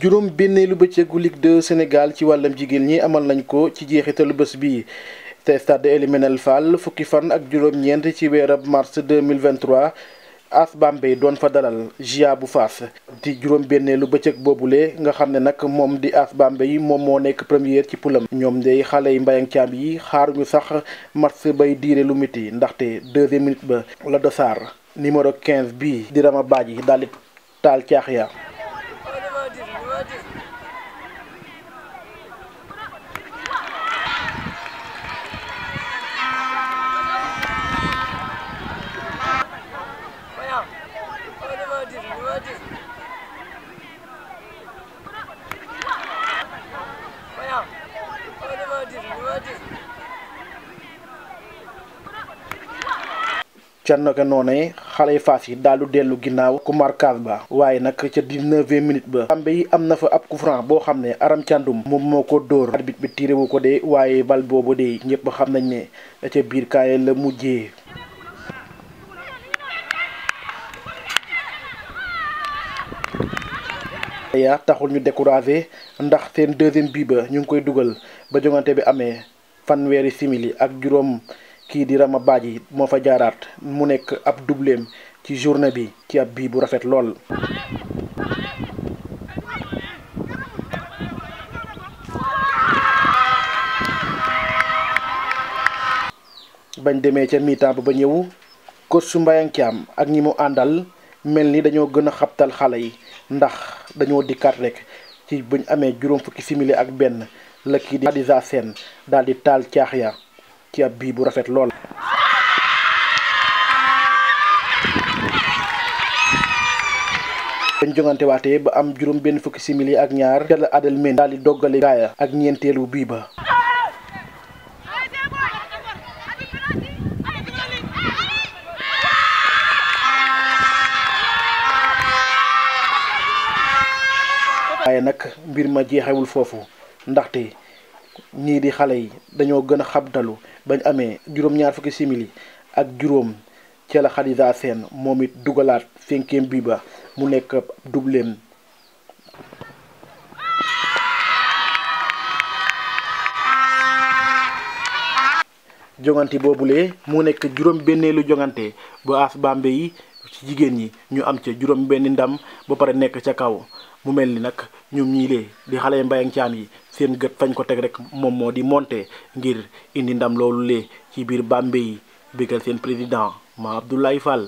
juróom lu bëccëgu Ligue de Sénégal ci wàllam jigéen ñi amal nañ ko ci jeexitalu bés bi te stade Eliminel Fall fukki fan ak juróom-ñeent ci weerab mars 2023 AS Bambey doon fa dalal GIA bu fas di juróom benneelu bëccëg boobule nga xam ne nag moom di AS yi moom moo nekk première ci pulam ñoom day xale yi mbayang caam yi xaaruñu sax match bay diire lu miti ndaxte deuxième minute ba la dosaar numéro 15 bi di Rama Badji daal di taal caax Cerno ka noonee xale fas yi daal dellu ginnaaw ku markaas ba waaye nag ca dix ba Bambey yi am na fa ab coup boo xam ne Aram Thiandoum moom moo ko dóor arbitre bi tiré ko de waaye bal boobu de ñëpp xam nañ ne ca biir kaay la mujjee yaa ñu découragé ndax seen deuxième bii ba ñu ngi koy dugal ba jongante bi amee fanweeri simili ak juróom kii di Rama Badji moo fa jaaraat mu nekk ab dubleem ci journée bi ci ab bii bu rafet lool. bañ demee ca mi-temps ba ba ñëw coach Mbayang Thiam ak ñi mu àndal mel ni dañoo gën a xabtal xale yi ndax dañoo dikkaat rek. ci buñ amee juróom fukki simili ak benn la kii di Khadija Sène daal di taal caax ya ci ab bii bu rafet lool. bañ jongante waatee ba am juróom benn fukki simili ak ñaar ca la Adel Mendy daal di doggale gaaya ak ñeenteelu bii ba. waaye nag mbir ma jeexewul foofu ndaxte ñii di xale yi dañoo gën a xabtalu bañ amee juróom-ñaar fukki simili ak juróom ca la Khadija dugalaat cinquième bi ba mu nekk dubleem jongante boobule mu nekk juróom benneelu jongante bu AS Bambey yi ci jigéen ñi ñu am ca juróom benn ndam ba pare nekk ca kaw mu mel ni nag ñoom ñii lee di xale mbayang yi seen gët fañ ko teg rek moom moo di monter ngir indi ndam loolu lee ci biir Bambey bégal seen président ma Abdoulaye Fall